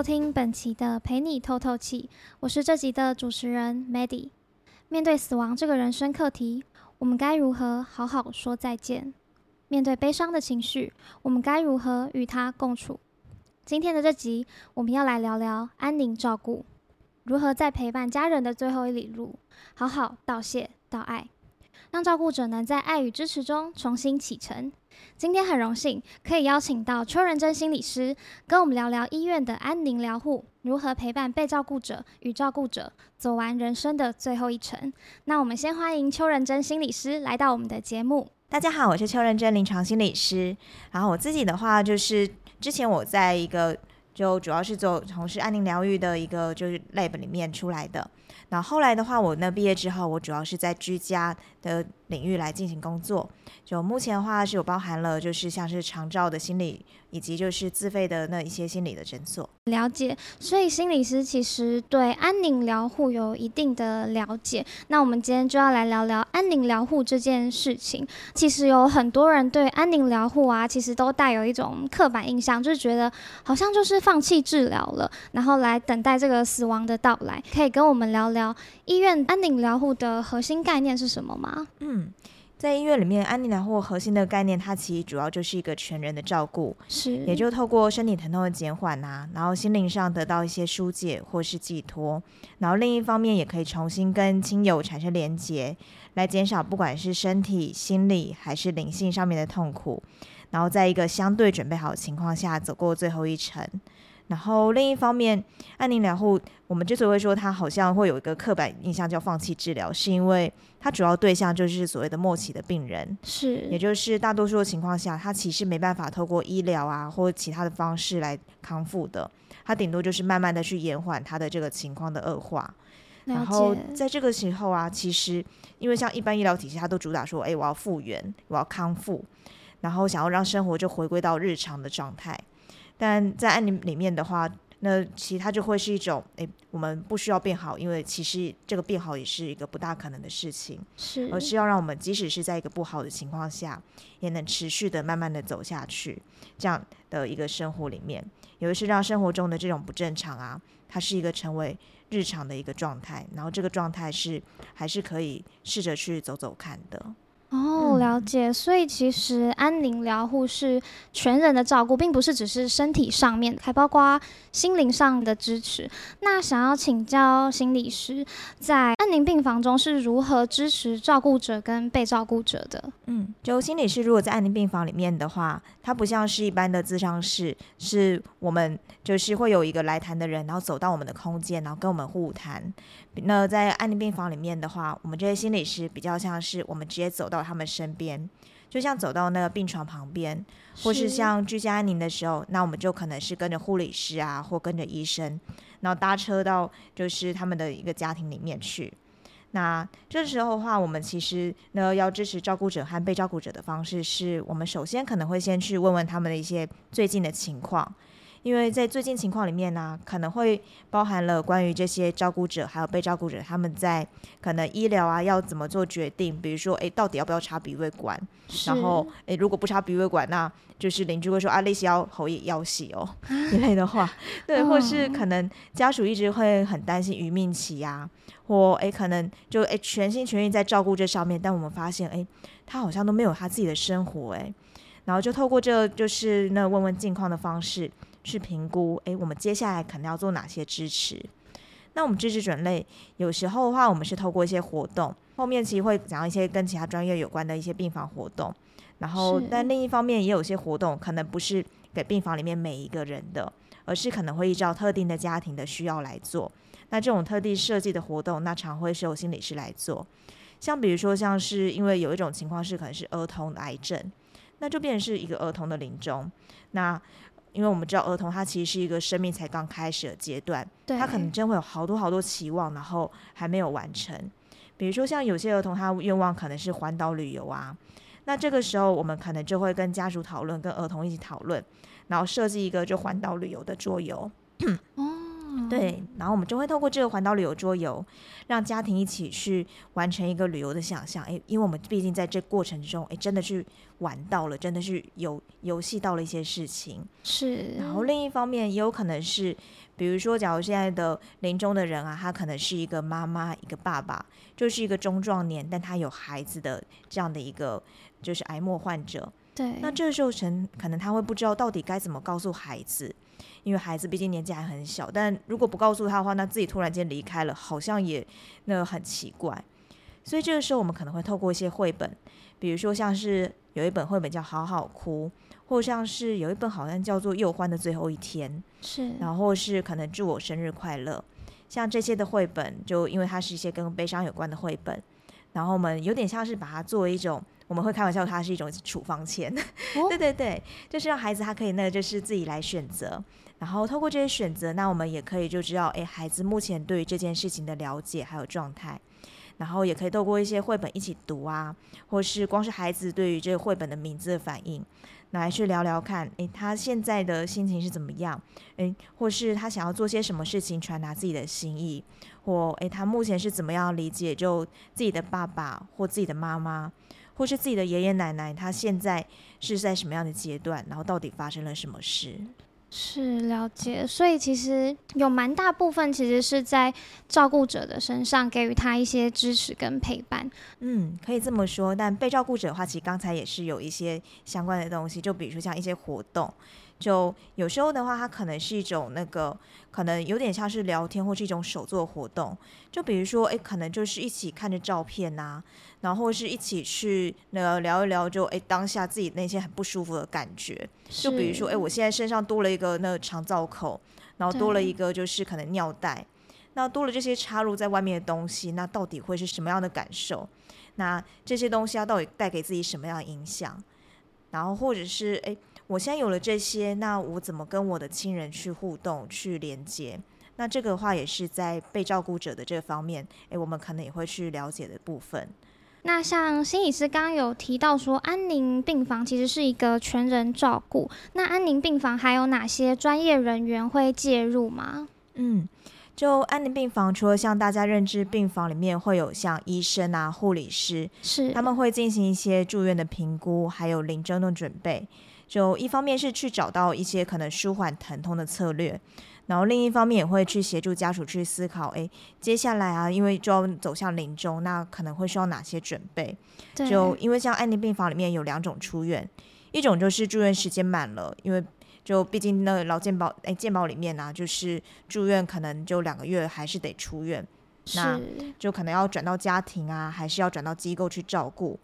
收聽本期的《陪你透透氣》，我是這集的主持人 Maddie。面對死亡這個人生課題，我們該如何好好說再見？面對悲傷的情緒，我們該如何與它共處？今天的這集，我們要來聊聊安寧照顧，如何在陪伴家人的最後一哩路，好好道謝、道愛，讓照顧者能在愛與支持中重新啟程。今天很榮幸可以邀請到邱壬貞心理師跟我們聊聊醫院的安寧療護，如何陪伴被照顧者與照顧者走完人生的最後一程。那我們先歡迎邱壬貞心理師來到我們的節目。大家好，我是邱壬貞臨床心理師。然後我自己的話，就是之前我在一個就主要是做從事安寧療癒的一個就是 lab 裡面出來的。那後，後來的話我呢，我那畢業之後，我主要是在居家的，領域來進行工作，就目前的話是有包含了，就是像是長照的心理，以及就是自費的那一些心理的診所。了解，所以心理師其實對安寧療護有一定的了解。那我們今天就要來聊聊安寧療護這件事情。其實有很多人對安寧療護啊，其實都帶有一種刻板印象，就是覺得好像就是放棄治療了，然後來等待這個死亡的到來。可以跟我們聊聊醫院安寧療護的核心概念是什麼嗎？嗯。嗯，在醫院裡面，安寧療護核心的概念，它其實主要就是一個全人的照顧，是也就是透過身體疼痛的減緩啊，然後心靈上得到一些疏解或是寄托，然後另一方面也可以重新跟親友產生連結，來減少不管是身體、心理還是靈性上面的痛苦，然後在一個相對準備好的情況下，走過最後一程。然後另一方面，安寧療護我們之所以會說它好像會有一個刻板印象叫放棄治療，是因為它主要對象就是所謂的末期的病人，是，也就是大多數的情況下，它其實沒辦法透過醫療啊或其他的方式來康復的，它頂多就是慢慢的去延緩它的這個情況的惡化。了解。然後在這個時候啊，其實因為像一般醫療體系，它都主打說，哎，我要復原，我要康復，然後想要讓生活就回歸到日常的狀態。但在安寧裡面的話，那其他就會是一種，誒、欸，我們不需要變好，因為其實這個變好也是一個不大可能的事情，是。而是要讓我們即使是在一個不好的情況下，也能持續的慢慢的走下去，這樣的一個生活裡面，也就是讓生活中的這種不正常啊，它是一個成為日常的一個狀態，然後這個狀態是還是可以試着去走走看的。哦。了解，所以其實安寧療護是全人的照顧，並不是只是身體上面，還包括心靈上的支持。那想要請教心理師，在安寧病房中是如何支持照顧者跟被照顧者的？嗯，就心理師如果在安寧病房裡面的話，他不像是一般的諮商室，是我們就是會有一個來談的人，然後走到我們的空間，然後跟我們互談。那在安寧病房裡面的話，我們這些心理師比較像是我們直接走到他們身。邊，就像走到那個病床旁邊，或是像居家安寧的時候，那我們就可能是跟着護理師啊，或跟着醫生，然後搭車到就是他們的一個家庭裡面去。那這時候的話，我們其實呢要支持照顧者和被照顧者的方式，是我們首先可能會先去問問他們的一些最近的情況。因為在最近情況裡面呢、啊，可能會包含了關於這些照顧者還有被照顧者他們在可能醫療啊要怎麼做決定，比如說哎到底要不要插鼻胃管，是然後哎如果不插鼻胃管，那就是鄰居會說啊類似要喉要洗哦一 類的話，對，或是可能家屬一直會很擔心餘命期呀、啊，或哎可能就哎全心全意在照顧這上面，但我們發現哎他好像都沒有他自己的生活哎，然後就透過這就是那問問近況的方式，去評估，哎、欸，我們接下來可能要做哪些支持？那我們支持種類，有時候的話，我們是透過一些活動，後面其實會講一些跟其他專業有關的一些病房活動。然後，是但另一方面也有些活動，可能不是給病房裡面每一個人的，而是可能會依照特定的家庭的需要來做。那這種特地設計的活動，那常會是由心理師來做。像比如說，像是因為有一種情況是可能是兒童的癌症，那就變成是一個兒童的臨終，那。因為我們知道，兒童他其實是一個生命才剛開始的階段，他可能真的會有好多好多期望，然後還沒有完成。比如說，像有些兒童，他願望可能是環島旅遊啊，那這個時候我們可能就會跟家屬討論，跟兒童一起討論，然後設計一個就環島旅遊的桌遊。 對，然後我們就會透過這個環島旅遊桌遊，讓家庭一起去完成一個旅遊的想象。誒，因為我們畢竟在這個過程中，誒，真的是玩到了，真的是遊遊戲到了一些事情。是。然後另一方面，也有可能是，比如說，假如現在的臨終的人啊，他可能是一個媽媽，一個爸爸，就是一個中壯年，但他有孩子的這樣的一個就是癌末患者。對。那這個時候，可能他會不知道到底該怎麼告訴孩子。因為孩子畢竟年紀還很小，但如果不告訴他的話，那自己突然間離開了，好像也那個很奇怪。所以這個時候，我們可能會透過一些繪本，比如說像是有一本繪本叫《好好哭》，或像是有一本好像叫做《又歡的最後一天》，是，然後是可能《祝我生日快樂》，像這些的繪本，就因為它是一些跟悲傷有關的繪本，然後我們有點像是把它作為一種，我們會開玩笑，它是一種處方簽。哦、 對對對，就是讓孩子他可以那個就是自己來選擇。然後透過這些選擇，那我們也可以就知道，誒，孩子目前對於這件事情的了解還有狀態，然後也可以透過一些繪本一起讀啊，或是光是孩子對於這個繪本的名字的反應，來去聊聊看，誒，他現在的心情是怎麼樣？誒，或是他想要做些什麼事情傳達自己的心意，或誒，他目前是怎麼樣理解就自己的爸爸或自己的媽媽，或是自己的爺爺奶奶，他現在是在什麼樣的階段？然後到底發生了什麼事？是了解，所以其實有蠻大部分其實是在照顧者的身上給予他一些支持跟陪伴。嗯，可以這麼說。但被照顧者的話，其實剛才也是有一些相關的東西，就比如說像一些活動。就有時候的話，它可能是一種那個，可能有點像是聊天或是一種手作活動。就比如說，哎、欸，可能就是一起看着照片啊，然後是一起去那個聊一聊就，就、欸、哎，當下自己那些很不舒服的感覺。是就比如說，哎、欸，我現在身上多了一個那腸造口，然後多了一個就是可能尿袋，對那多了這些插入在外面的東西，那到底會是什麼樣的感受？那這些東西它到底帶給自己什麼樣的影響？然後或者是哎。欸我現在有了這些，那我怎麼跟我的親人去互動、去連接？那這個話也是在被照顧者的這方面，哎、欸，我們可能也會去了解的部分。那像心理師剛剛有提到說，安寧病房其實是一個全人照顧。那安寧病房還有哪些專業人員會介入嗎？嗯，就安寧病房，除了像大家認知病房裡面會有像醫生啊、護理師，是他們會進行一些住院的評估，還有臨終的準備。就一方面是去找到一些可能舒緩疼痛的策略，然後另一方面也會去協助家屬去思考，哎、欸，接下來啊，因為就要走向臨終，那可能會需要哪些準備？對。就因為像安寧病房裡面有兩種出院，一種就是住院時間滿了，因為就畢竟那個勞健保哎、欸、健保裡面呢、啊，就是住院可能就兩個月還是得出院，是那就可能要轉到家庭啊，還是要轉到機構去照顧，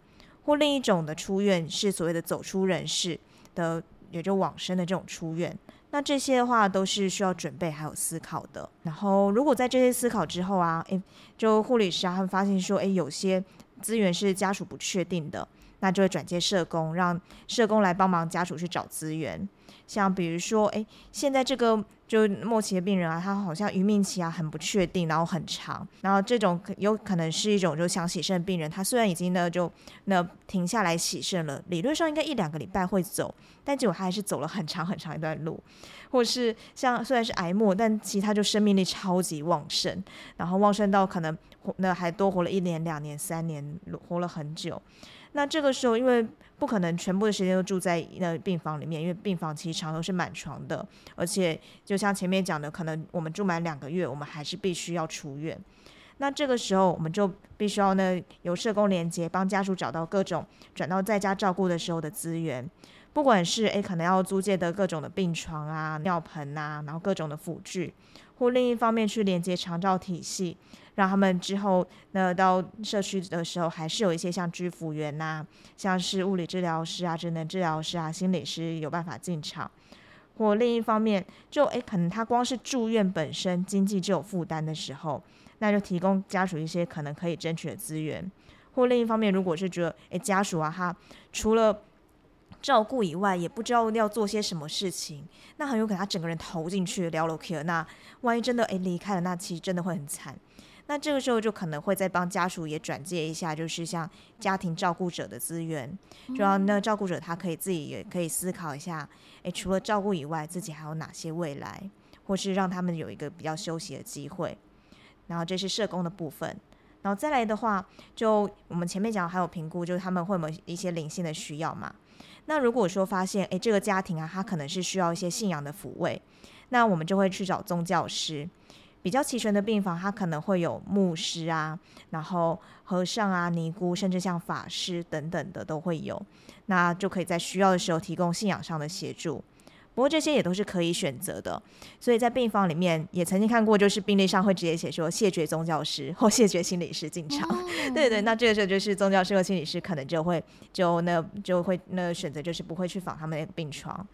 或另一種的出院是所謂的走出人世的也就往生的這種出院，那這些的話都是需要準備還有思考的。然後如果在這些思考之後啊，誒、欸，就護理師啊，他們發現說，誒、欸，有些資源是家屬不確定的，那就會轉接社工，讓社工來幫忙家屬去找資源。像比如說，誒、欸，現在這個。就末期的病人啊，他好像餘命期啊很不確定，然後很長，然後這種有可能是一種就想洗腎的病人，他雖然已經呢就那停下來洗腎了，理論上應該一兩個禮拜會走，但結果他還是走了很長很長一段路，或是像雖然是癌末，但其實他就生命力超級旺盛，然後旺盛到可能那還多活了一年、兩年、三年，活了很久。那這個時候因為，不可能全部的時間都住在那病房裡面，因為病房其實常常都是滿床的，而且就像前面講的，可能我們住滿兩個月，我們還是必須要出院。那這個時候，我們就必須要呢由社工連結，幫家屬找到各種轉到在家照顧的時候的資源。不管是誒、欸，可能要租借的各種的病床啊、尿盆啊，然後各種的輔具，或另一方面去連接長照體系，讓他們之後那到社區的時候，還是有一些像居服員吶、啊，像是物理治療師啊、職能治療師啊、心理師有辦法進場；或另一方面，就誒、欸，可能他光是住院本身經濟就有負擔的時候，那就提供家屬一些可能可以爭取的資源；或另一方面，如果是覺得誒、欸，家屬啊，他除了照顧以外，也不知道要做些什麼事情，那很有可能他整個人投進去聊去了，那萬一真的誒離開了，那其實真的會很慘。那這個時候就可能會再幫家屬也轉介一下，就是像家庭照顧者的資源，主要那照顧者他可以自己也可以思考一下，誒、欸，除了照顧以外，自己還有哪些未來，或是讓他們有一個比較休息的機會。然後這是社工的部分。然後再來的話，就我們前面講還有評估，就是他們會有，有一些靈性的需要嘛。那如果說發現，誒，這個家庭啊，他可能是需要一些信仰的撫慰，那我們就會去找宗教師。比較齊全的病房，他可能會有牧師啊，然後和尚啊、尼姑，甚至像法師等等的都會有，那就可以在需要的時候提供信仰上的協助。不過這些也都是可以選擇的，所以在病房裡面也曾經看過，就是病歷上會直接寫說謝絕宗教師或謝絕心理師進場。啊、 對對，那這個時候就是宗教師和心理師可能就會就那就會那選擇就是不會去訪他們的病床。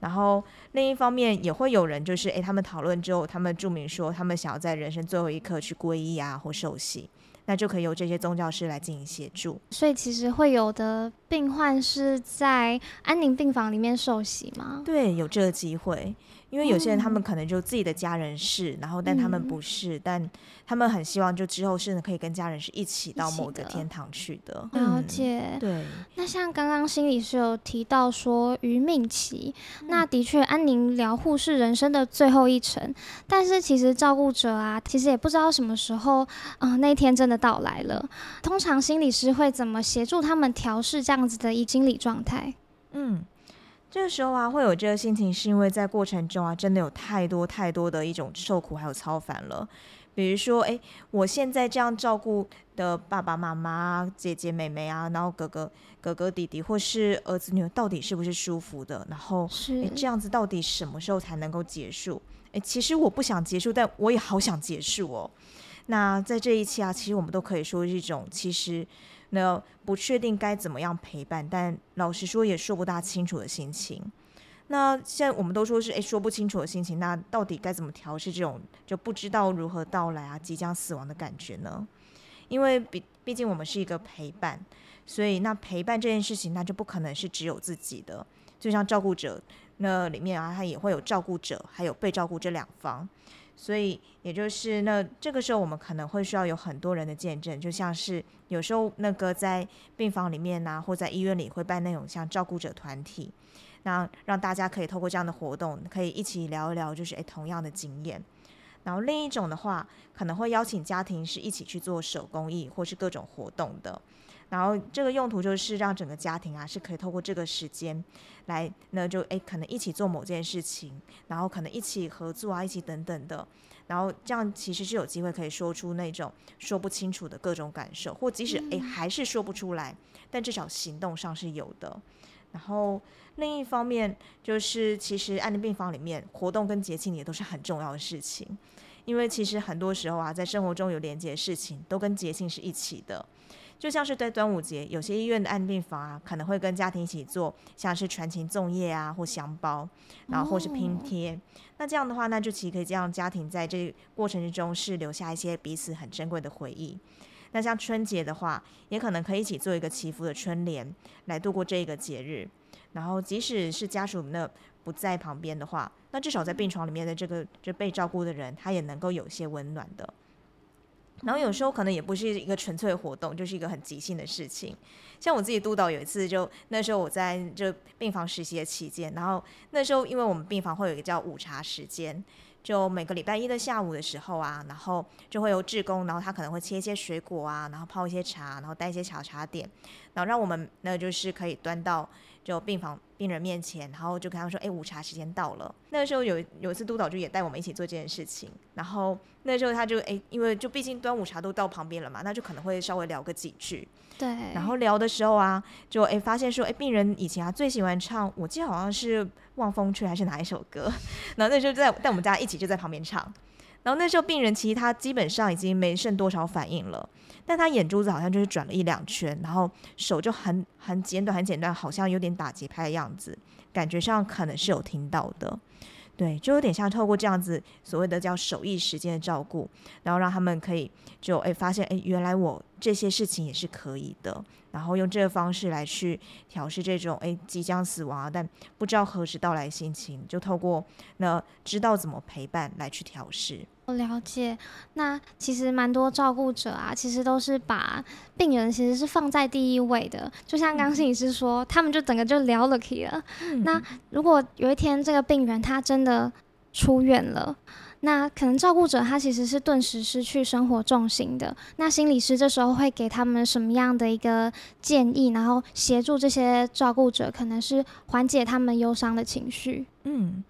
然後另一方面也會有人就是哎，他們討論之後，他們注明說他們想要在人生最後一刻去皈依啊或受洗。那就可以由這些宗教師來進行協助，所以其實會有的病患是在安寧病房裡面受洗嗎？對，有這個機會。因為有些人他們可能就自己的家人是，嗯、然後但他們不是，嗯、但他們很希望就之後甚至可以跟家人是一起到某個天堂去的。的嗯、了解。對。那像剛剛心理師有提到說餘命期，嗯、那的確安寧療護是人生的最後一程，但是其實照顧者啊，其實也不知道什麼時候，啊、呃，那一天真的到來了。通常心理師會怎麼協助他們調適這樣子的一心理狀態？嗯。這個時候啊，會有這個心情，是因為在過程中啊，真的有太多太多的一種受苦還有操煩了。比如說，哎，我現在這樣照顧的爸爸媽媽、姐姐、妹妹啊，然後哥哥、哥哥弟弟或是兒子女兒，到底是不是舒服的？然後，是誒這樣子，到底什麼時候才能夠結束？哎，其實我不想結束，但我也好想結束哦。那在這一期啊，其實我們都可以說是一種，其實。那不確定該怎麼樣陪伴，但老實說也說不大清楚的心情。那現在我們都說是哎說不清楚的心情，那到底該怎麼調適這種就不知道如何到來啊，即將死亡的感覺呢？因為畢畢竟我們是一個陪伴，所以那陪伴這件事情，那就不可能是只有自己的，就像照顧者那裡面啊，他也會有照顧者，還有被照顧這兩方。所以，也就是那這個時候，我們可能會需要有很多人的見證，就像是有時候那個在病房裡面吶、啊，或在醫院裡會辦那種像照顧者團體，那讓大家可以透過這樣的活動，可以一起聊一聊，就是誒同樣的經驗。然後另一種的話，可能會邀請家庭是一起去做手工藝或是各種活動的。然後這個用途就是讓整個家庭啊是可以透過這個時間來呢，來那就誒可能一起做某件事情，然後可能一起合作啊，一起等等的，然後這樣其實是有機會可以說出那種說不清楚的各種感受，或即使誒還是說不出來，但至少行動上是有的。然後另一方面就是，其實安寧病房裡面活動跟節慶也都是很重要的事情，因為其實很多時候啊，在生活中有連接的事情都跟節慶是一起的。就像是在端午節，有些醫院的安寧病房啊，可能會跟家庭一起做，像是傳情粽葉啊或香包，然後或是拼貼。哦、那這樣的話，那就其實可以讓家庭在這個過程之中是留下一些彼此很珍貴的回憶。那像春節的話，也可能可以一起做一個祈福的春聯來度過這個節日。然後，即使是家屬那不在旁邊的話，那至少在病床裡面的這個就被照顧的人，他也能夠有些溫暖的。然後有時候可能也不是一個純粹的活動，就是一個很即興的事情。像我自己督導有一次就，就那時候我在就病房實習的期間，然後那時候因為我們病房會有一個叫午茶時間，就每個禮拜一的下午的時候啊，然後就會有志工，然後他可能會切一些水果啊，然後泡一些茶，然後帶一些小茶茶點，然後讓我們那就是可以端到就病房病人面前，然後就跟他說：“哎，午茶時間到了。”那個時候有有一次督導就也帶我們一起做這件事情，然後那時候他就哎，因為就畢竟端午茶都到旁邊了嘛，那就可能會稍微聊個幾句。對，然後聊的時候啊，就哎發現說哎，病人以前啊最喜歡唱，我記得好像是《望風吹》還是哪一首歌，然後那時候在在我們家一起就在旁邊唱。然後那時候病人其實他基本上已經沒剩多少反應了，但他眼珠子好像就是轉了一兩圈，然後手就很很簡短很簡短，好像有點打節拍的樣子，感覺上可能是有聽到的，對，就有點像透過這樣子所謂的叫手藝時間的照顧，然後讓他們可以就哎發現哎原來我。這些事情也是可以的，然後用這個方式來去調適這種誒即將死亡、啊、但不知道何時到來的心情，就透過那知道怎麼陪伴來去調適。我了解，那其實蠻多照顧者啊，其實都是把病人其實是放在第一位的。就像剛心理師說，嗯、他們就整個就聊了可以了。嗯、那如果有一天這個病人他真的出院了。那可能照顧者他其實是頓時失去生活重心的。那心理師這時候會給他們什麼樣的一個建議，然後協助這些照顧者，可能是緩解他們憂傷的情緒。嗯，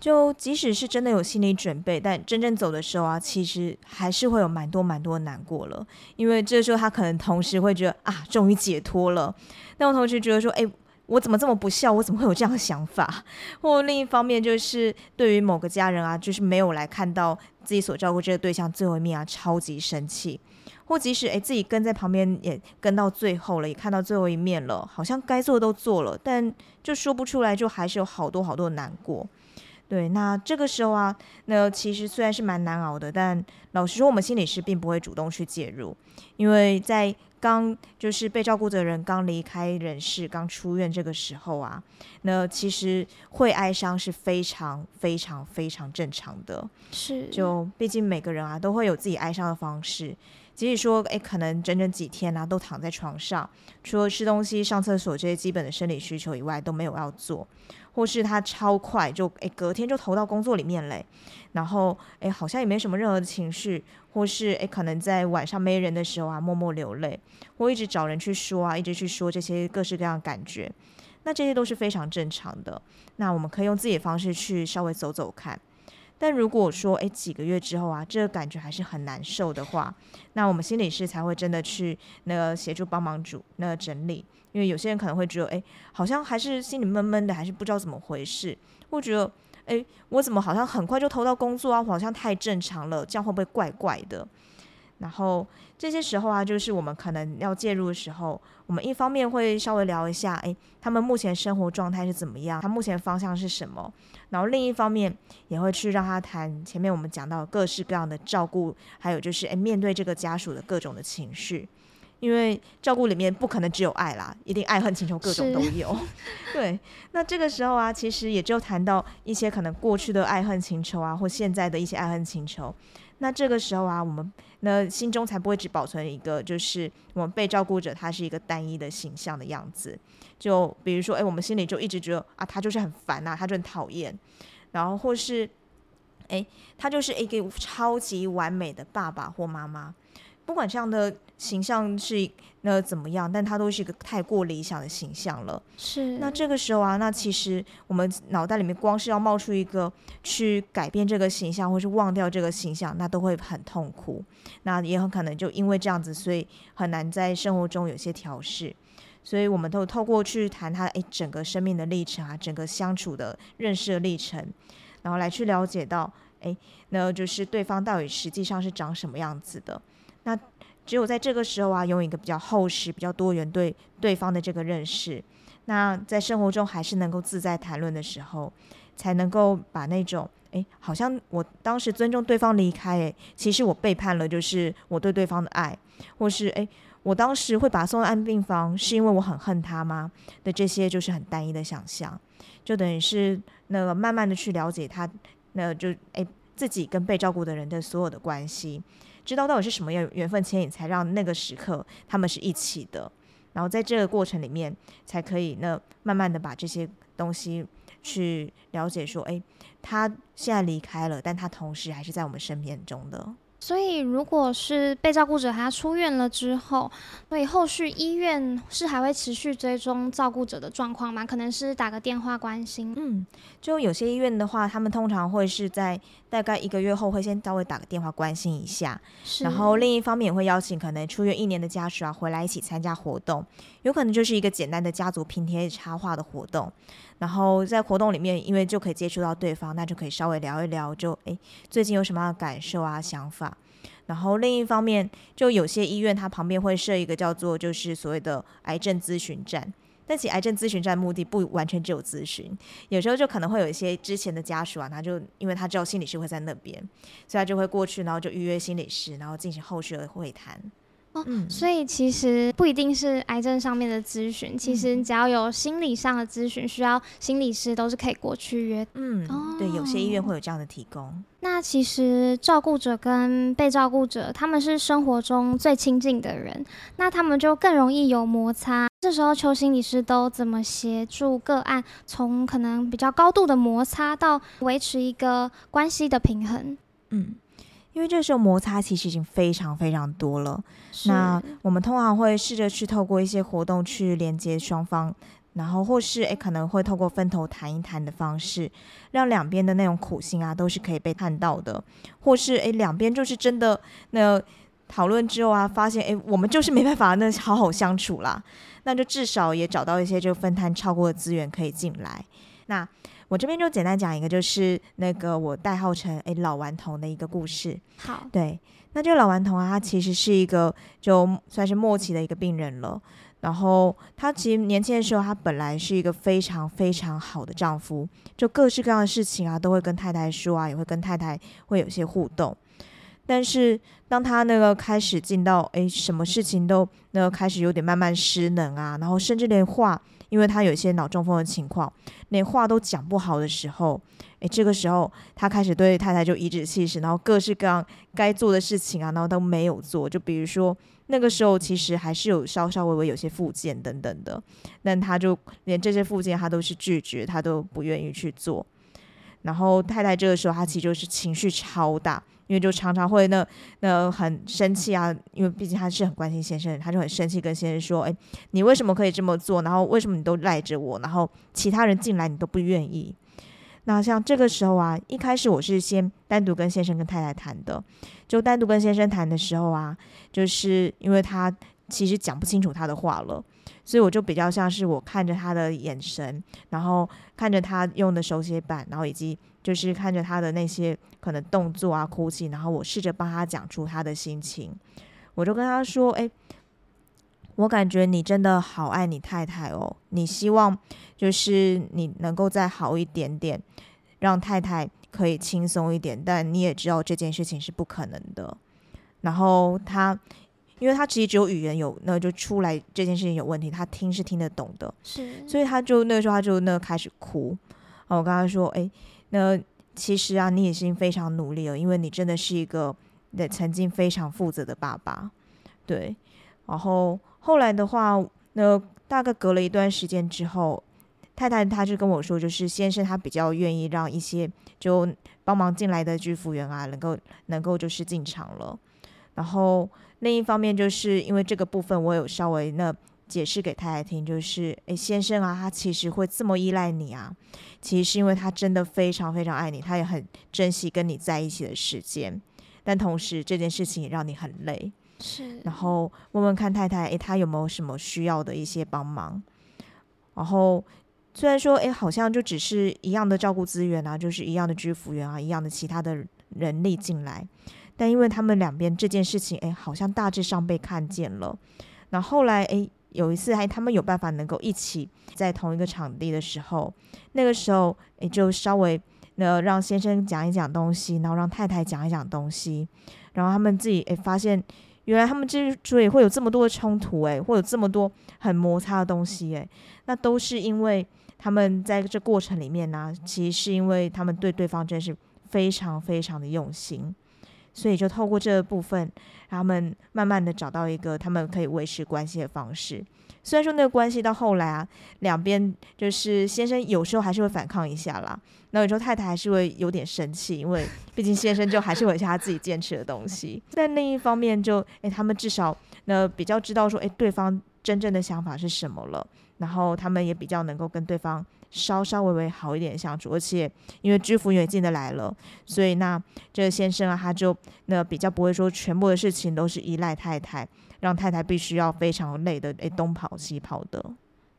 就即使是真的有心理準備，但真正走的時候啊，其實還是會有蠻多蠻多難過了。因為這時候他可能同時會覺得啊，終於解脫了，但我同時覺得說，誒、欸……我怎麼這麼不孝？我怎麼會有這樣的想法？或另一方面，就是對於某個家人啊，就是沒有來看到自己所照顧這個對象最後一面啊，超級生氣。或即使誒、欸，自己跟在旁邊也跟到最後了，也看到最後一面了，好像該做的都做了，但就說不出來，就還是有好多好多難過。對，那這個時候啊，那其實雖然是蠻難熬的，但老實說，我們心理師並不會主動去介入，因為在。剛就是被照顧的人剛離開人世，剛出院這個時候啊，那其實會哀傷是非常非常非常正常的。是，就畢竟每個人啊都會有自己哀傷的方式。即使說，哎，可能整整幾天啊，都躺在床上，除了吃東西、上廁所這些基本的生理需求以外都沒有要做，或是他超快就哎隔天就投到工作裡面嘞，欸，然後哎好像也沒什麼任何的情緒。或是誒、欸，可能在晚上沒人的時候啊，默默流淚，或一直找人去說啊，一直去說這些各式各樣的感覺，那這些都是非常正常的。那我們可以用自己的方式去稍微走走看。但如果說誒、欸，幾個月之後啊，這個感覺還是很難受的話，那我們心理師才會真的去那個協助幫忙主那個整理，因為有些人可能會覺得誒、欸，好像還是心裡悶悶的，還是不知道怎麼回事，或者覺得。哎，我怎麼好像很快就投到工作啊？好像太正常了，這樣會不會怪怪的？然後這些時候啊，就是我們可能要介入的時候，我們一方面會稍微聊一下，哎，他們目前生活狀態是怎麼樣，他目前方向是什麼。然後另一方面也會去讓他談前面我們講到各式各樣的照顧，還有就是，哎，面對這個家屬的各種的情緒。因為照顧裡面不可能只有愛啦，一定愛恨情仇各種都有。是。對，那這個時候啊，其實也就談到一些可能過去的愛恨情仇啊，或現在的一些愛恨情仇。那這個時候啊，我們那心中才不會只保存一個，就是我們被照顧者他是一個單一的形象的樣子。就比如說，哎、欸，我們心裡就一直覺得啊，他就是很煩吶、啊，他就很討厭。然後或是，哎、欸，他就是一個超級完美的爸爸或媽媽。不管這樣的形象是那怎麼樣，但他都是一個太過理想的形象了。是。那這個時候啊，那其實我們腦袋裡面光是要冒出一個去改變這個形象，或是忘掉這個形象，那都會很痛苦。那也很可能就因為這樣子，所以很難在生活中有些調適。所以我們都透過去談他哎，整個生命的歷程啊，整個相處的認識的歷程，然後來去了解到哎、欸、那就是對方到底實際上是長什麼樣子的。那只有在這個時候啊，擁有一個比較厚實、比較多元對對方的這個認識，那在生活中還是能夠自在談論的時候，才能夠把那種哎、欸，好像我當時尊重對方離開、欸，其實我背叛了，就是我對對方的愛，或是哎、欸，我當時會把他送到安寧病房，是因為我很恨他嗎？的這些就是很單一的想象，就等於是那個慢慢的去了解他，那就、欸、自己跟被照顧的人的所有的關係。知道到底是什麼樣緣分牽引，才讓那個時刻他們是一起的。然後在這個過程裡面，才可以那慢慢的把這些東西去了解，說，哎、欸，他現在離開了，但他同時還是在我們身邊中的。所以，如果是被照顧者他出院了之後，所以後續醫院是還會持續追蹤照顧者的狀況嗎？可能是打個電話關心。嗯，就有些醫院的話，他們通常會是在。大概一個月後會先稍微打個電話關心一下，是然後另一方面也會邀請可能出院一年的家屬啊回來一起參加活動，有可能就是一個簡單的家族拼貼插畫的活動，然後在活動裡面，因為就可以接觸到對方，那就可以稍微聊一聊就，就、欸、哎，最近有什麼樣的感受啊想法，然後另一方面就有些醫院它旁邊會設一個叫做就是所謂的癌症諮詢站。但那起癌症諮詢站目的不完全只有諮詢，有時候就可能會有一些之前的家屬啊，他就因為他知道心理師會在那邊，所以他就會過去，然後就預約心理師，然後進行後續的會談。哦、嗯，所以其實不一定是癌症上面的諮詢，嗯、其實只要有心理上的諮詢需要，心理師都是可以過去約。嗯，哦、對，有些醫院會有這樣的提供。那其實照顧者跟被照顧者他們是生活中最親近的人，那他們就更容易有摩擦。這時候，邱心理師都怎麼協助個案，從可能比較高度的摩擦到維持一個關係的平衡？嗯，因為這時候摩擦其實已經非常非常多了。是那我們通常會試着去透過一些活動去連接雙方，然後或是誒可能會透過分頭談一談的方式，讓兩邊的那種苦心啊都是可以被看到的，或是誒兩邊就是真的那個。討論之後啊，發現哎，我們就是沒辦法那好好相處啦，那就至少也找到一些就分攤超過的資源可以進來。那我這邊就簡單講一個，就是那個我代號成誒老頑童的一個故事。好，對，那這個老頑童啊，他其實是一個就算是末期的一個病人了。然後他其實年輕的時候，他本來是一個非常非常好的丈夫，就各式各樣的事情啊，都會跟太太說啊，也會跟太太會有些互動。但是當他那個開始進到哎、欸，什麼事情都那開始有點慢慢失能啊，然後甚至連話，因為他有一些腦中風的情況，連話都講不好的時候，哎、欸，這個時候他開始對太太就頤指氣使，然後各式各樣該做的事情啊，然後都沒有做。就比如說那個時候其實還是有稍稍微微有些復健等等的，但他就連這些復健他都是拒絕，他都不願意去做。然後太太這個時候他其實就是情緒超大。因為就常常會那那很生氣啊，因為畢竟他是很關心先生，他就很生氣，跟先生說：“哎，你為什麼可以這麼做？然後為什麼你都賴着我？然後其他人進來你都不願意。”那像這個時候啊，一開始我是先單獨跟先生跟太太談的，就單獨跟先生談的時候啊，就是因為他其實講不清楚他的話了，所以我就比較像是我看着他的眼神，然後看着他用的手寫板，然後以及……就是看着他的那些可能動作啊、哭泣，然後我試着幫他講出他的心情，我就跟他說：“哎、欸，我感覺你真的好愛你太太哦，你希望就是你能夠再好一點點，讓太太可以輕鬆一點，但你也知道這件事情是不可能的。”然後他，因為他其實只有語言有，那就出來這件事情有問題，他聽是聽得懂的，是，所以他就那個時候他就那開始哭。我跟他說，哎、欸，那其實啊，你已經非常努力了，因為你真的是一個，呃，曾經非常負責的爸爸，對。然後後來的話，那大概隔了一段時間之後，太太她就跟我說，就是先生他比較願意讓一些就幫忙進來的居服員啊能，能夠能夠就是進場了。然後另一方面，就是因為這個部分，我有稍微那，解釋給太太聽，就是哎、欸，先生啊，他其實會這麼依賴你啊，其實是因為他真的非常非常愛你，他也很珍惜跟你在一起的時間。但同時，這件事情也讓你很累，是。然後問問看太太，誒、欸，他有沒有什麼需要的一些幫忙？然後雖然說，哎、欸，好像就只是一樣的照顧資源啊，就是一樣的居服員啊，一樣的其他的人力進來，但因為他們兩邊這件事情，哎、欸，好像大致上被看見了。那後來，哎、欸。有一次還他們有辦法能夠一起在同一個場地的時候，那個時候也就稍微那讓先生講一講東西，然後讓太太講一講東西，然後他們自己哎發現原來他們之所以會有這麼多的衝突哎，會有這麼多很摩擦的東西哎，那都是因為他們在這過程裡面呢、啊，其實是因為他們對對方真是非常非常的用心。所以就透過這個部分，他們慢慢的找到一個他們可以維持關係的方式。雖然說那個關係到後來啊，兩邊就是先生有時候還是會反抗一下啦，那有時候太太還是會有點生氣，因為畢竟先生就還是會有一些他自己堅持的東西。 在另一方面就，誒、欸，他們至少那比較知道說，哎、欸，對方真正的想法是什麼了，然後他們也比較能夠跟對方。稍稍微微好一點相處，而且因為居服員也進得來了，所以那這個先生啊，他就那比較不會說全部的事情都是依賴太太，讓太太必須要非常累的哎、欸、東跑西跑的。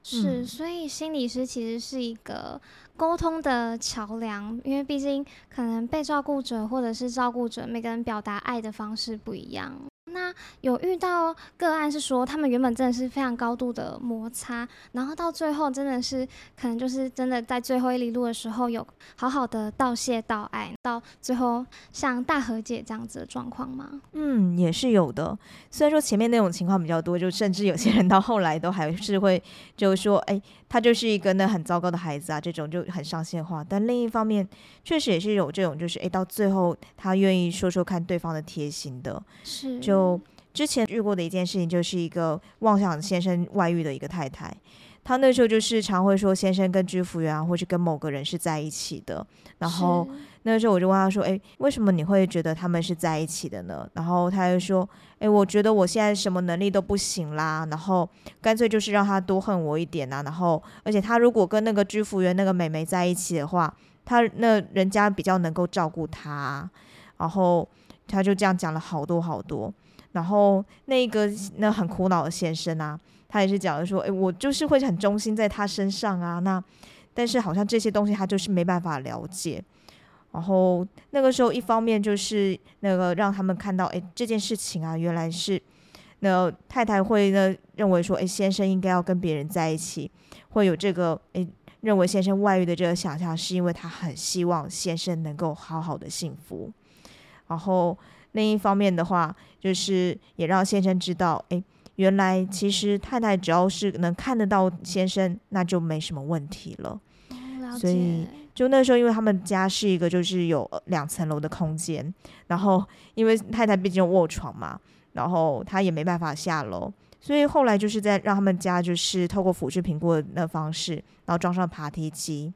是，所以心理師其實是一個溝通的橋梁，因為畢竟可能被照顧者或者是照顧者每個人表達愛的方式不一樣。那有遇到個案是說，他們原本真的是非常高度的摩擦，然後到最後真的是可能就是真的在最後一哩路的時候，有好好的道謝、道愛，到最後像大和解這樣子的狀況嗎？嗯，也是有的。雖然說前面那種情況比較多，就甚至有些人到後來都還是會，就是說，哎、欸。他就是一個，那很糟糕的孩子啊，這種就很上線化。但另一方面，確實也是有這種，就是誒、欸，到最後他願意說說看對方的貼心的。是，就之前遇過的一件事情，就是一個妄想先生外遇的一個太太，她那時候就是常會說先生跟居服員啊，或是跟某個人是在一起的，然後。那個時候我就問他說：“哎、欸，為什麼你會覺得他們是在一起的呢？”然後他就說：“哎、欸，我覺得我現在什麼能力都不行啦，然後乾脆就是讓他多恨我一點吶、啊。然後，而且他如果跟那個居服員那個美眉在一起的話，他那人家比較能夠照顧他、啊。然後他就這樣講了好多好多。然後那個那很苦惱的先生啊，他也是講了說：“哎、欸，我就是會很忠心在他身上啊。那但是好像這些東西他就是沒辦法了解。”然後那個時候，一方面就是那個讓他們看到，哎，這件事情啊，原來是那太太會呢認為說，哎，先生應該要跟別人在一起，會有這個哎認為先生外遇的這個想象，是因為他很希望先生能夠好好的幸福。然後另一方面的話，就是也讓先生知道，哎，原來其實太太只要是能看得到先生，那就沒什麼問題了。所以，就那時候，因為他們家是一個就是有兩層樓的空間，然後因為太太畢竟臥床嘛，然後他也沒辦法下樓，所以後來就是在讓他們家就是透過輔助評估的那方式，然後裝上爬梯機，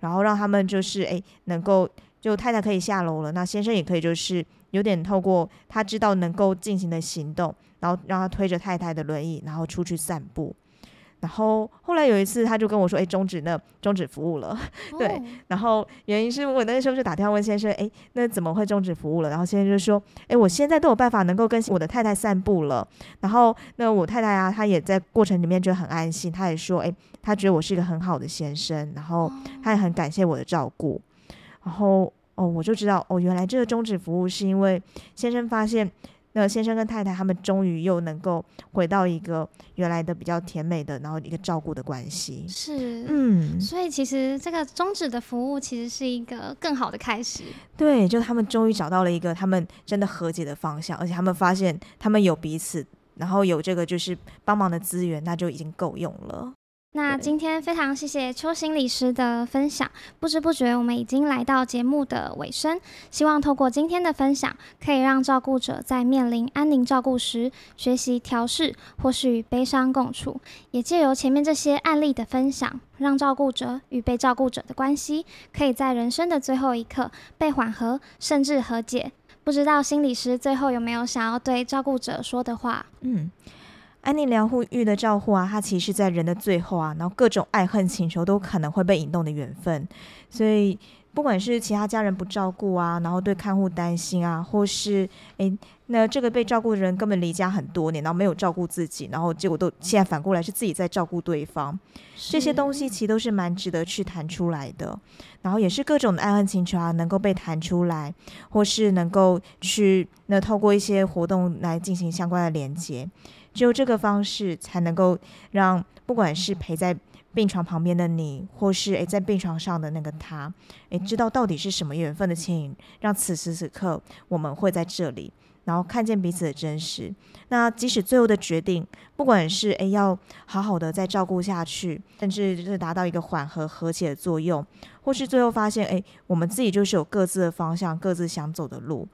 然後讓他們就是哎、欸、能夠就太太可以下樓了，那先生也可以就是有點透過他知道能夠進行的行動，然後讓他推着太太的輪椅，然後出去散步。然後後來有一次，他就跟我說：“哎，終止那終止服務了。” Oh. 對，然後原因是我那時候就打電話問先生：“哎，那怎麼會終止服務了？”然後先生就說：“哎，我現在都有辦法能夠跟我的太太散步了。”然後那我太太啊，她也在過程裡面覺得很安心，她也說：“哎，她覺得我是一個很好的先生。”然後她也很感謝我的照顧。Oh. 然後哦，我就知道哦，原來這個終止服務是因為先生發現。那先生跟太太他們終於又能夠回到一個原來的比較甜美的，然後一個照顧的關係。是，嗯，所以其實這個終止的服務其實是一個更好的開始。對，就他們終於找到了一個他們真的和解的方向，而且他們發現他們有彼此，然後有這個就是幫忙的資源，那就已經夠用了。那今天非常謝謝邱心理師的分享，不知不覺我們已經來到節目的尾聲。希望透過今天的分享，可以讓照顧者在面臨安寧照顧時學習調適，或是與悲傷共處。也借由前面這些案例的分享，讓照顧者與被照顧者的關係，可以在人生的最後一刻被緩和，甚至和解。不知道心理師最後有沒有想要對照顧者說的話？嗯。安寧療護遇的照顧啊，它其實，在人的最後啊，然後各種愛恨情仇都可能會被引動的緣分。所以，不管是其他家人不照顧啊，然後對看護擔心啊，或是哎、欸，那這個被照顧的人根本離家很多年，然後沒有照顧自己，然後結果都現在反過來是自己在照顧對方。是這些東西其實都是蠻值得去談出來的。然後也是各種的愛恨情仇啊，能夠被談出來，或是能夠去那透過一些活動來進行相關的連接。只有這個方式才能夠讓不管是陪在病床旁邊的你，或是誒、欸，在病床上的那個他，誒、欸，知道到底是什麼緣分的牽引，讓此時此刻我們會在這裡，然後看見彼此的真實。那即使最後的決定，不管是誒、欸，要好好的再照顧下去，甚至是達到一個緩和和解的作用，或是最後發現哎、欸，我們自己就是有各自的方向，各自想走的路，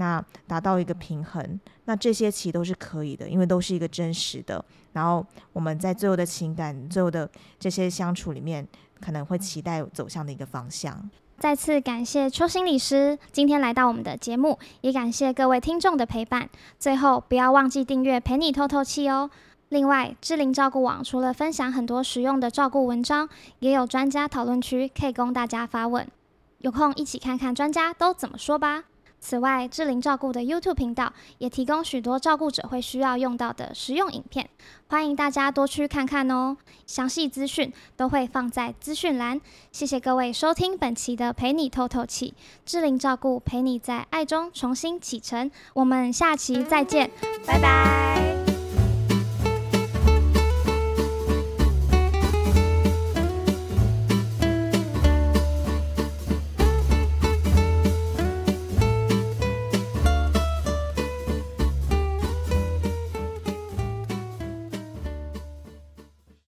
那達到一個平衡，那這些其實都是可以的，因為都是一個真實的。然後我們在最後的情感、最後的這些相處裡面，可能會期待走向的一個方向。再次感謝邱心理師今天來到我們的節目，也感謝各位聽眾的陪伴。最後，不要忘記訂閱“陪你透透氣”哦。另外，智齡照顧網除了分享很多實用的照顧文章，也有專家討論區可以供大家發問。有空一起看看專家都怎麼說吧。此外，智齡照顧的 YouTube 頻道也提供許多照顧者會需要用到的實用影片，歡迎大家多去看看哦。詳細資訊都會放在資訊欄。謝謝各位收聽本期的《陪你透透氣》智，智齡照顧陪你在愛中重新啟程。我們下期再見，拜拜、嗯嗯嗯。